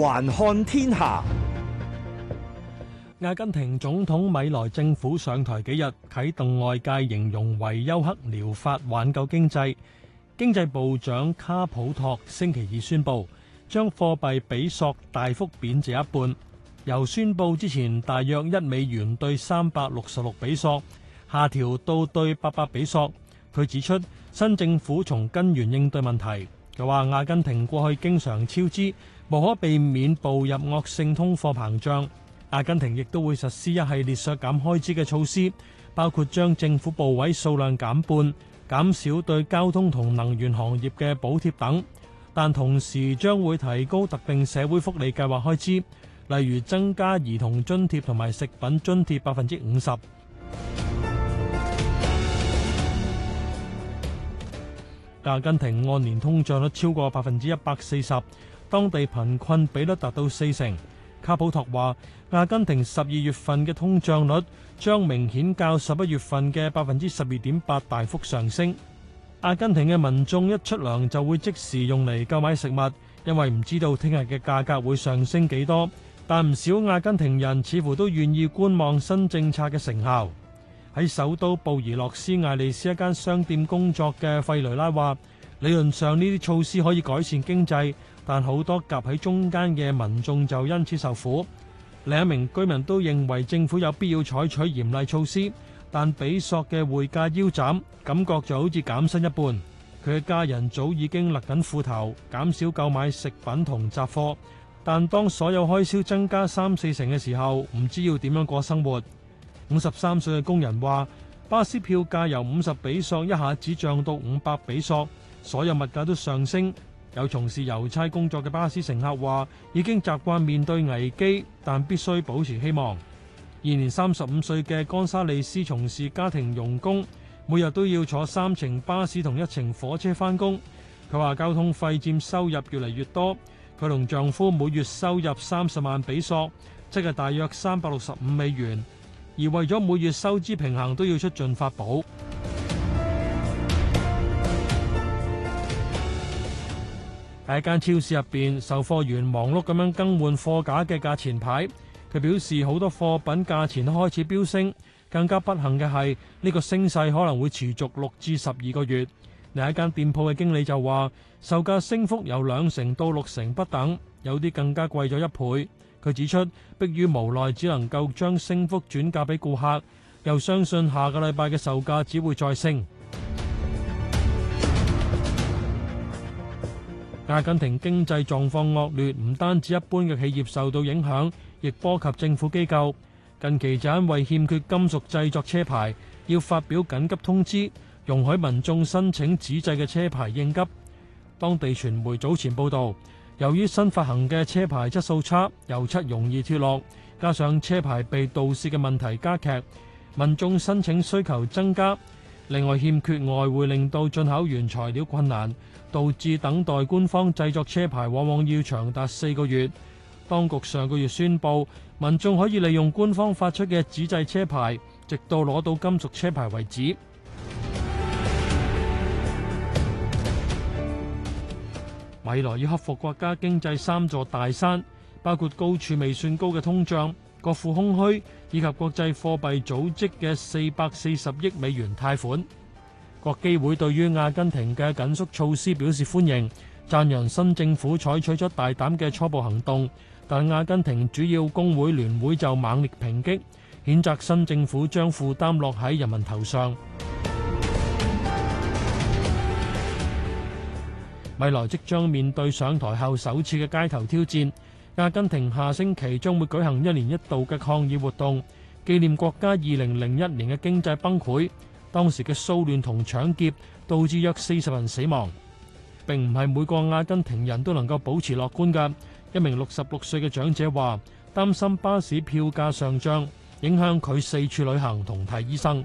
環看天下，阿根廷總統米萊政府上台幾日，啟動外界形容為“休克療法”，挽救經濟。經濟部長卡普托星期二宣布，將貨幣比索大幅貶值一半，由宣布之前大約一美元兌三百六十六比索，下調到兌八百比索。佢指出，新政府從根源應對問題。佢話，阿根廷過去經常超支。無可避免步入惡性通貨膨脹，阿根廷亦都會實施一系列削減開支嘅措施，包括將政府部委數量減半、減少對交通同能源行業嘅補貼等，但同時將會提高特定社會福利計劃開支，例如增加兒童津貼同埋食品津貼百分之五十。 阿根廷按年通脹率超過百分之一百四十。當地貧困比率達到四成。卡普托話：阿根廷十二月份嘅通脹率將明顯較十一月份嘅百分之十二點八大幅上升。阿根廷嘅民眾一出糧就會即時用嚟購買食物，因為唔知道聽日嘅價格會上升幾多。但唔少阿根廷人似乎都願意觀望新政策嘅成效。喺首都布宜諾斯艾利斯一間商店工作嘅費雷拉話：理論上呢啲措施可以改善經濟。但好多夾喺中間嘅民眾就因此受苦。另一名居民都認為政府有必要採取嚴厲措施，但比索嘅匯價腰斬，感覺就好似減薪一半。佢嘅家人早已經勒緊褲頭，減少購買食品同雜貨，但當所有開銷增加三四成嘅時候，唔知要點樣過生活。五十三歲嘅工人話：巴士票價由五十比索一下子漲到五百比索，所有物價都上升。有從事郵差工作嘅巴士乘客話：已經習慣面對危機，但必須保持希望。現年三十五歲嘅岡莎利斯從事家庭傭工，每日都要坐三程巴士同一程火車返工。佢話交通費佔收入越嚟越多，佢同丈夫每月收入三十萬比索，即係大約三百六十五美元，而為咗每月收支平衡，都要出盡法寶。喺一間超市入邊，售貨員忙碌咁樣更換貨架嘅價錢牌。佢表示好多貨品價錢都開始飆升，更加不幸嘅係呢個升勢可能會持續六至十二個月。另一間店鋪嘅經理就話，售價升幅有兩成到六成不等，有啲更加貴咗一倍。佢指出，迫於無奈只能夠將升幅轉嫁俾顧客，又相信下個禮拜嘅售價只會再升。阿根廷經濟狀況惡劣，唔單止一般嘅企業受到影響，亦波及政府機構。近期就因為欠缺金屬製作車牌，要發表緊急通知，容許民眾申請紙製嘅車牌應急。當地傳媒早前報道，由於新發行嘅車牌質素差，油漆容易脫落，加上車牌被盜竊嘅問題加劇，民眾申請需求增加。另外，欠缺外匯令到進口原材料困難，導致等待官方製作車牌往往要長達四個月。當局上個月宣布，民眾可以利用官方發出嘅紙製車牌，直到攞到金屬車牌為止。米萊要克服國家經濟三座大山，包括高處未算高嘅通脹。國庫空虛以及國際貨幣組織嘅四百四十億美元貸款。國基會對於阿根廷嘅緊縮措施表示歡迎，讚揚新政府採取咗大膽嘅初步行動，但阿根廷主要工會聯會就猛烈抨擊，譴責新政府將負擔落喺人民頭上。未來即將面對上台後首次嘅街頭挑戰。阿根廷下星期將會舉行一年一度嘅抗議活動，紀念國家二零零一年嘅經濟崩潰，當時嘅騷亂同搶劫導致約四十人死亡，並唔係每個阿根廷人都能夠保持樂觀㗎。一名六十六歲嘅長者話，擔心巴士票價上漲，影響佢四處旅行同睇醫生。